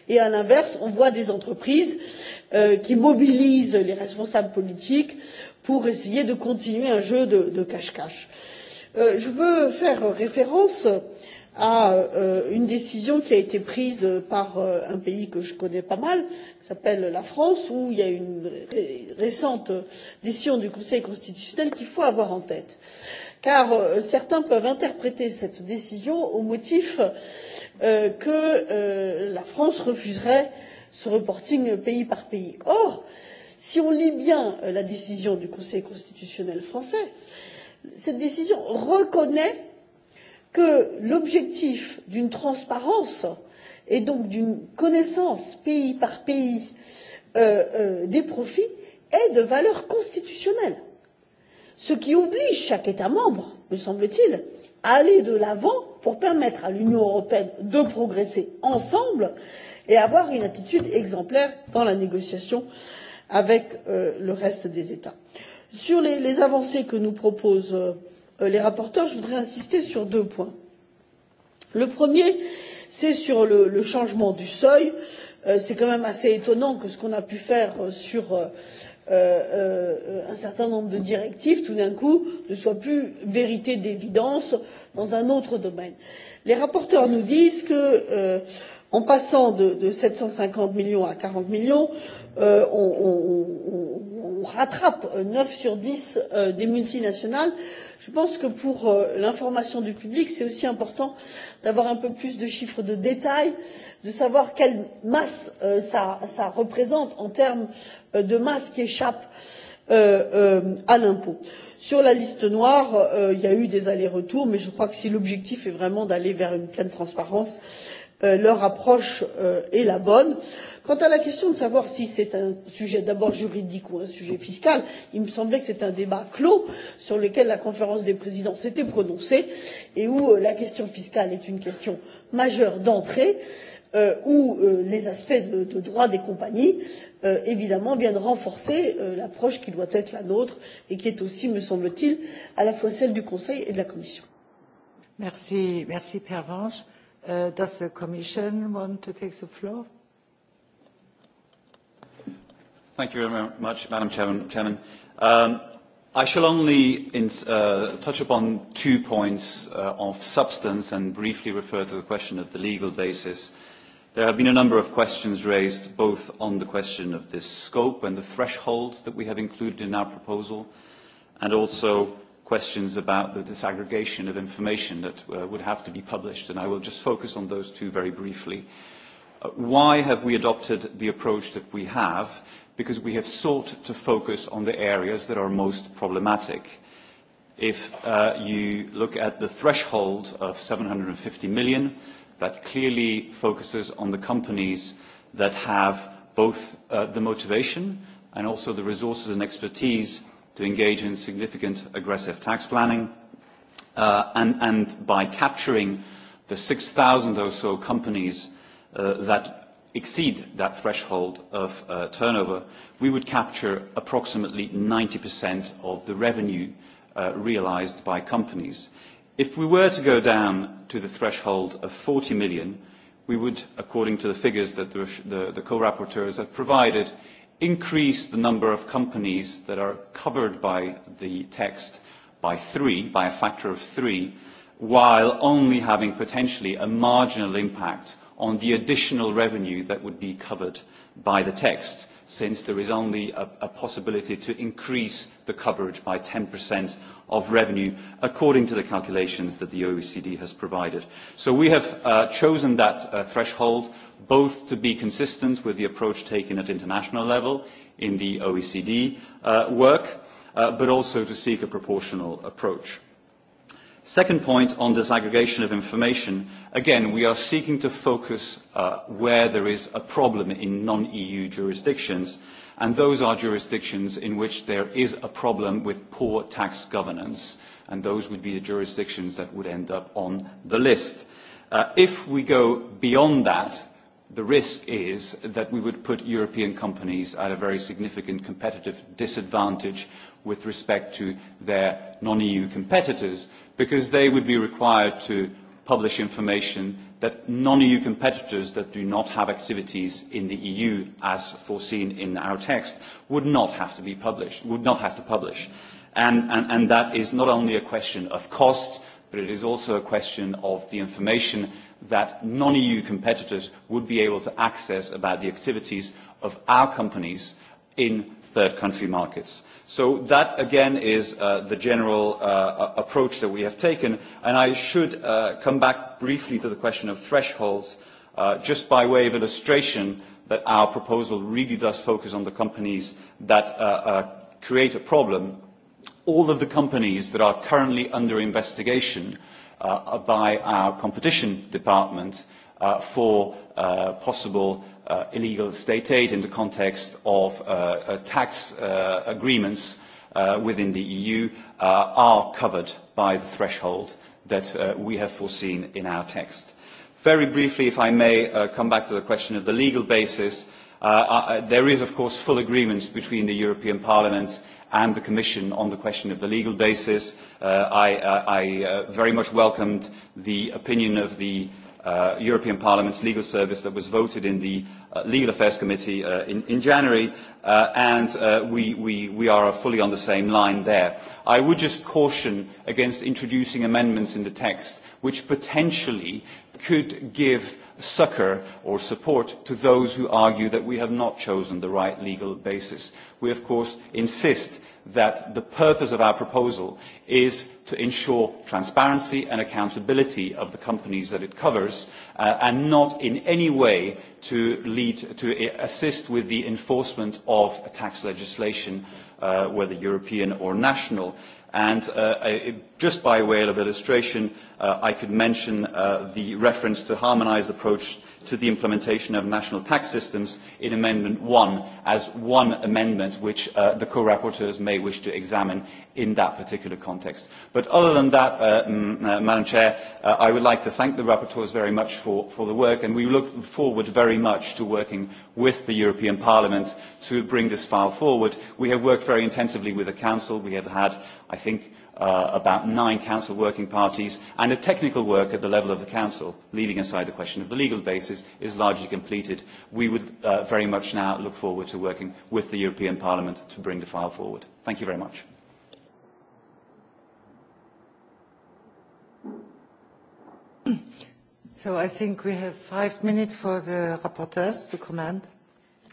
Et à l'inverse, on voit des entreprises euh, qui mobilisent les responsables politiques pour essayer de continuer un jeu de cache-cache. Euh, je veux faire référence à euh, une décision qui a été prise par euh, un pays que je connais pas mal, qui s'appelle la France, où il y a une ré récente décision du Conseil constitutionnel qu'il faut avoir en tête. Car euh, certains peuvent interpréter cette décision au motif euh, que euh, la France refuserait ce reporting pays par pays. Or, si on lit bien euh, la décision du Conseil constitutionnel français, euh, cette décision reconnaît que l'objectif d'une transparence et donc d'une connaissance pays par pays euh, euh, des profits est de valeur constitutionnelle. Ce qui oblige chaque État membre, me semble-t-il, à aller de l'avant pour permettre à l'Union européenne de progresser ensemble et avoir une attitude exemplaire dans la négociation avec euh, le reste des États. Euh, Sur les, les avancées que nous proposent euh, les rapporteurs, je voudrais insister sur deux points. Le premier, c'est sur le, le changement du seuil. Euh, c'est quand même assez étonnant que ce qu'on a pu faire euh, sur euh, euh, euh, un certain nombre de directives, tout d'un coup, ne soit plus vérité d'évidence dans un autre domaine. Les rapporteurs nous disent que, euh, en passant de, de 750 millions à 40 millions, euh, euh, on, on, on, on rattrape 9 sur 10 euh, des multinationales. Je pense que pour euh, l'information du public, c'est aussi important d'avoir un peu plus de chiffres de détails, de savoir quelle masse euh, ça, ça représente en termes euh, de masse qui échappe euh, euh, à l'impôt. Sur la liste noire, euh, il y a eu des allers-retours, mais je crois que si l'objectif est vraiment d'aller vers une pleine transparence, euh, leur approche euh, est la bonne. Quant à la question de savoir si c'est un sujet d'abord juridique ou un sujet fiscal, il me semblait que c'est un débat clos sur lequel la conférence des présidents s'était prononcée et où euh, la question fiscale est une question majeure d'entrée, euh, où euh, les aspects de, de droit des compagnies, euh, évidemment, viennent renforcer euh, l'approche qui doit être la nôtre et qui est aussi, me semble-t-il, à la fois celle du Conseil et de la Commission. Merci, merci Pervenche. Uh, does the Commission want to take the floor? Thank you very much, Madam Chairman. Chairman. Um, I shall only in, uh, touch upon two points uh, of substance and briefly refer to the question of the legal basis. There have been a number of questions raised both on the question of the scope and the thresholds that we have included in our proposal and also questions about the disaggregation of information that uh, would have to be published and I will just focus on those two very briefly. Uh, why have we adopted the approach that we have? because we have sought to focus on the areas that are most problematic. If uh, you look at the threshold of 750 million, that clearly focuses on the companies that have both uh, the motivation and also the resources and expertise to engage in significant aggressive tax planning. Uh, and, and by capturing the 6,000 or so companies uh, that exceed that threshold of uh, turnover, we would capture approximately 90% of the revenue uh, realized by companies. If we were to go down to the threshold of 40 million, we would, according to the figures that the, the, the co-rapporteurs have provided, increase the number of companies that are covered by the text by three, by a factor of three, while only having potentially a marginal impact on the additional revenue that would be covered by the text, since there is only a, a possibility to increase the coverage by 10% of revenue according to the calculations that the OECD has provided. So we have uh, chosen that uh, threshold both to be consistent with the approach taken at international level in the OECD uh, work, uh, but also to seek a proportional approach. Second point on disaggregation of information, Again, we are seeking to focus uh, where there is a problem in non-EU jurisdictions, and those are jurisdictions in which there is a problem with poor tax governance, and those would be the jurisdictions that would end up on the list. Uh, if we go beyond that, the risk is that we would put European companies at a very significant competitive disadvantage with respect to their non-EU competitors because they would be required to publish information that non-EU competitors that do not have activities in the EU as foreseen in our text would not have to be published, would not have to publish. And, and, and that is not only a question of cost, but it is also a question of the information that non-EU competitors would be able to access about the activities of our companies in third country markets. So that again is uh, the general uh, approach that we have taken and I should uh, come back briefly to the question of thresholds uh, just by way of illustration that our proposal really does focus on the companies that uh, uh, create a problem. All of the companies that are currently under investigation uh, by our competition department uh, for uh, possible uh, illegal state aid in the context of uh, uh, tax uh, agreements uh, within the EU uh, are covered by the threshold that uh, we have foreseen in our text. Very briefly, if I may uh, come back to the question of the legal basis, uh, uh, there is, of course, full agreement between the European Parliament and the Commission on the question of the legal basis. Uh, I, uh, I uh, very much welcomed the opinion of the uh, European Parliament's legal service that was voted in the uh, Legal Affairs Committee uh, in, in January, uh, and uh, we, we, we are fully on the same line there. I would just caution against introducing amendments in the text which potentially could give succour or support to those who argue that we have not chosen the right legal basis. We, of course, insist that the purpose of our proposal is to ensure transparency and accountability of the companies that it covers uh, and not in any way to lead to assist with the enforcement of tax legislation uh, whether European or national and uh, I, just by way of illustration uh, I could mention uh, the reference to harmonized approach to the implementation of national tax systems in Amendment 1 as one amendment which uh, the co-rapporteurs may wish to examine in that particular context. But other than that, uh, mm, uh, Madam Chair, uh, I would like to thank the rapporteurs very much for, for the work and we look forward very much to working with the European Parliament to bring this file forward. We have worked very intensively with the Council. We have had, I think, uh, about nine council working parties and the technical work at the level of the council, leaving aside the question of the legal basis, is largely completed. We would uh, very much now look forward to working with the European Parliament to bring the file forward. Thank you very much. *clears throat* So I think we have five minutes for the rapporteurs to comment,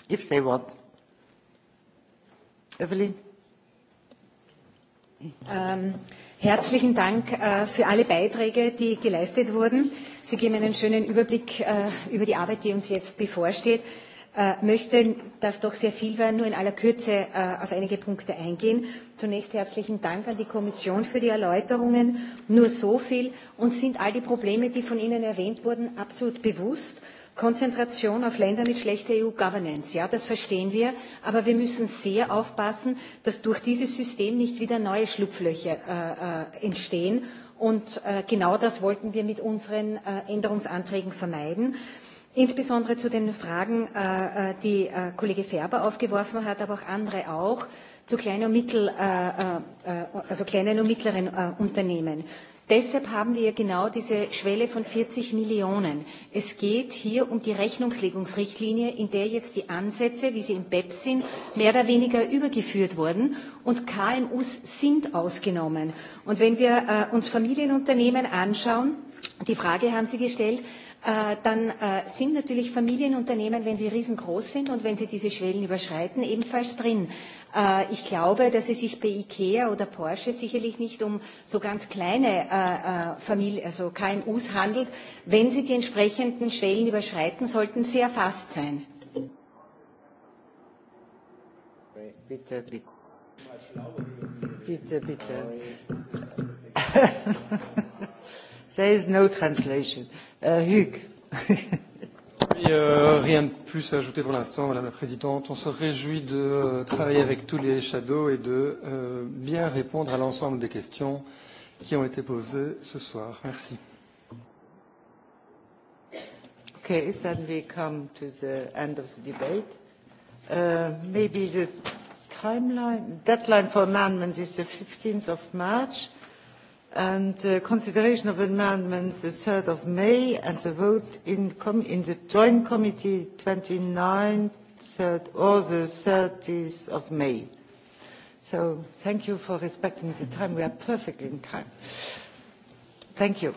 if they want. Evelyn? Ähm, herzlichen Dank äh, für alle Beiträge, die geleistet wurden. Sie geben einen schönen Überblick äh, über die Arbeit, die uns jetzt bevorsteht. Äh, möchte, dass doch sehr viel war, nur in aller Kürze äh, auf einige Punkte eingehen. Zunächst herzlichen Dank an die Kommission für die Erläuterungen. Nur so viel. Uns sind all die Probleme, die von Ihnen erwähnt wurden, absolut bewusst. Konzentration auf Länder mit schlechter EU-Governance, ja, das verstehen wir, aber wir müssen sehr aufpassen, dass durch dieses System nicht wieder neue Schlupflöcher äh, äh entstehen. Und äh, genau das wollten wir mit unseren äh, Änderungsanträgen vermeiden. Insbesondere zu den Fragen, äh, äh die äh, Kollege Ferber aufgeworfen hat, aber auch andere auch, zu kleinen und, mittel, äh, äh, äh also kleinen und mittleren äh, Unternehmen. Deshalb haben wir genau diese Schwelle von 40 Millionen. Es geht hier um die Rechnungslegungsrichtlinie, in der jetzt die Ansätze, wie sie im BEP sind, mehr oder weniger übergeführt wurden und KMUs sind ausgenommen. Und wenn wir äh, uns Familienunternehmen anschauen, die Frage haben Sie gestellt, Äh, dann äh, sind natürlich Familienunternehmen, wenn sie riesengroß sind und wenn sie diese Schwellen überschreiten, ebenfalls drin. Äh, ich glaube, dass es sich bei IKEA oder Porsche sicherlich nicht um so ganz kleine Familie, also KMUs handelt. Wenn sie die entsprechenden Schwellen überschreiten, sollten sie erfasst sein. Bitte, bitte. Bitte, bitte. *laughs* There is no translation. Uh, Hugues. Oui, euh, rien de plus à ajouter pour l'instant, Madame la Présidente. On se réjouit de euh, travailler avec tous les shadows et de euh, bien répondre à l'ensemble des questions qui ont été posées ce soir. Merci. OK, then we come to the end of the debate. Uh, maybe the timeline, deadline for amendments is the 15th of March and uh, consideration of amendments the 3rd of May and the vote in, com in the Joint Committee 29th or the 30th of May. So thank you for respecting the time. We are perfectly in time. Thank you.